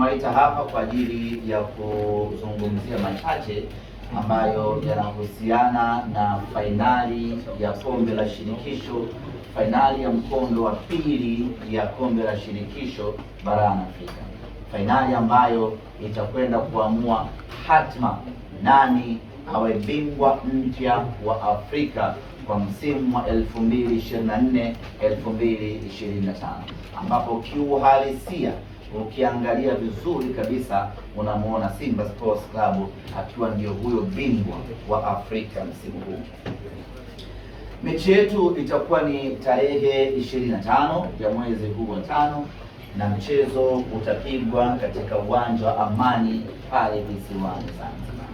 nimewaita hapa kwa ajili ya kuzungumzia machache ambayo yanahusiana na fainali ya kombe la shirikisho, fainali ya mkondo wa pili ya kombe la shirikisho barani Afrika, fainali ambayo itakwenda kuamua hatma nani awe bingwa mpya wa Afrika kwa msimu wa 2024 2025 ambapo kiuhalisia ukiangalia vizuri kabisa unamwona Simba Sports Club akiwa ndio huyo bingwa wa Afrika msimu huu. Mechi yetu itakuwa ni tarehe 25 ya mwezi huu wa tano na mchezo utapigwa katika uwanja wa Amani pale visiwani Zanzibar,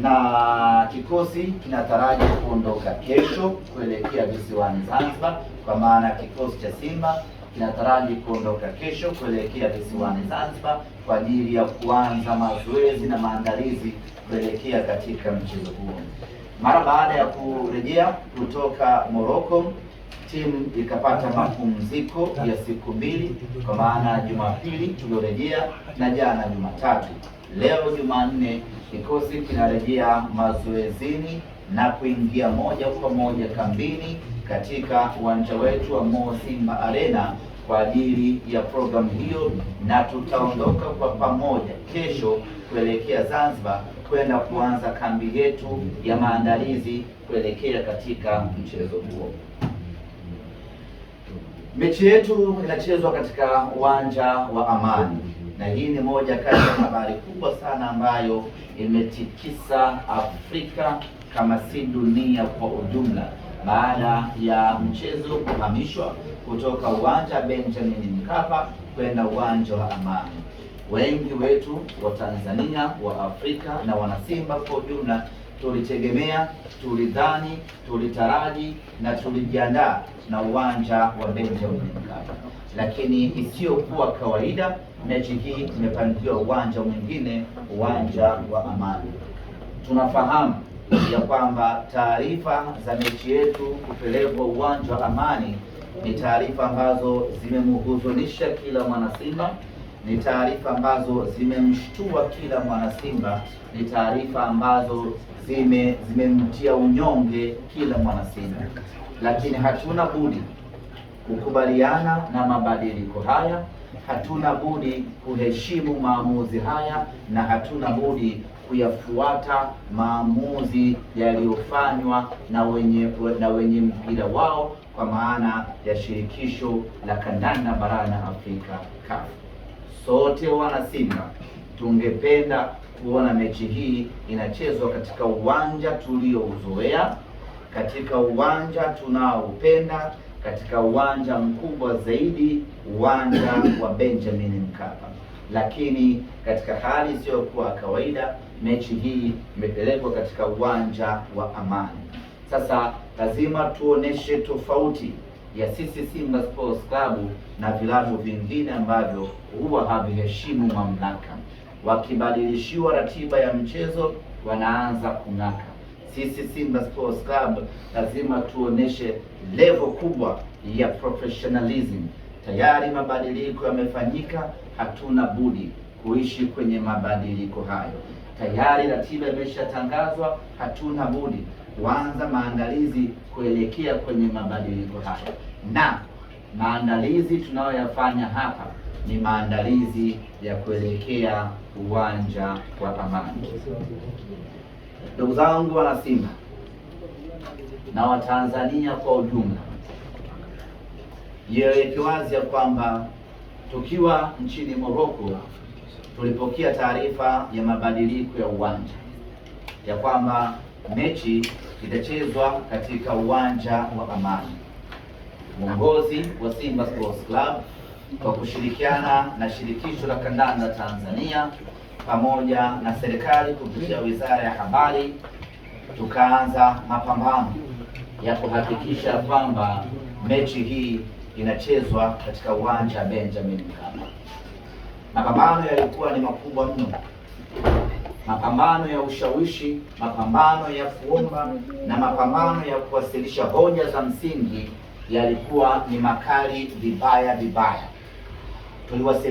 na kikosi kinataraji kuondoka kesho kuelekea visiwani Zanzibar, kwa maana kikosi cha Simba kinataraji kuondoka kesho kuelekea visiwani Zanzibar kwa ajili ya kuanza mazoezi na maandalizi kuelekea katika mchezo huo. Mara baada ya kurejea kutoka Morocco, timu ikapata mapumziko ya siku mbili, kwa maana Jumapili tuliorejea na jana Jumatatu. Leo Jumanne kikosi kinarejea mazoezini na kuingia moja kwa moja kambini katika uwanja wetu wa Mo Simba Arena kwa ajili ya programu hiyo, na tutaondoka kwa pamoja kesho kuelekea Zanzibar kwenda kuanza kambi yetu ya maandalizi kuelekea katika mchezo huo. Mechi yetu inachezwa katika uwanja wa Amani, na hii ni moja kati ya habari kubwa sana ambayo imetikisa Afrika kama si dunia kwa ujumla baada ya mchezo kuhamishwa kutoka uwanja Benjamin Mkapa kwenda uwanja wa Amani. Wengi wetu wa Tanzania, wa Afrika na wanasimba kwa ujumla tulitegemea, tulidhani, tulitaraji na tulijiandaa na uwanja wa Benjamin Mkapa, lakini isiyokuwa kawaida, mechi hii imepangiwa uwanja mwingine, uwanja wa Amani. Tunafahamu ya kwamba taarifa za mechi yetu kupelekwa uwanja wa Amani ni taarifa ambazo zimemhuzunisha kila mwanasimba, ni taarifa ambazo zimemshtua kila mwanasimba, ni taarifa ambazo zime zimemtia unyonge kila mwanasimba, lakini hatuna budi kukubaliana na mabadiliko haya, hatuna budi kuheshimu maamuzi haya na hatuna budi kuyafuata maamuzi yaliyofanywa na wenye na wenye mpira wao kwa maana ya shirikisho la kandanda barani Afrika CAF. Sote wana Simba tungependa kuona mechi hii inachezwa katika uwanja tuliouzoea, katika uwanja tunaoupenda, katika uwanja mkubwa zaidi, uwanja wa Benjamin Mkapa, lakini katika hali isiyokuwa kawaida mechi hii imepelekwa katika uwanja wa Amani. Sasa lazima tuoneshe tofauti ya sisi Simba Sports Club na vilabu vingine ambavyo huwa haviheshimu mamlaka. Wakibadilishiwa ratiba ya mchezo wanaanza kung'aka. Sisi Simba Sports Club lazima tuoneshe level kubwa ya professionalism. Tayari mabadiliko yamefanyika, hatuna budi kuishi kwenye mabadiliko hayo. Tayari ratiba imeshatangazwa, hatuna budi kuanza maandalizi kuelekea kwenye mabadiliko hayo, na maandalizi tunayoyafanya hapa ni maandalizi ya kuelekea uwanja wa Amani. Ndugu zangu wanasimba na Watanzania kwa ujumla, ieleweke wazi ya kwamba tukiwa nchini Moroko tulipokea taarifa ya mabadiliko ya uwanja ya kwamba mechi itachezwa katika uwanja wa Amani. Uongozi wa Simba Sports Club kwa kushirikiana na shirikisho la kandanda Tanzania pamoja na serikali kupitia Wizara ya Habari tukaanza mapambano ya kuhakikisha kwamba mechi hii inachezwa katika uwanja Benjamin Mkapa. Mapambano yalikuwa ni makubwa mno, mapambano ya ushawishi, mapambano ya kuomba na mapambano ya kuwasilisha hoja za msingi yalikuwa ni makali vibaya vibaya, tuliwasilisha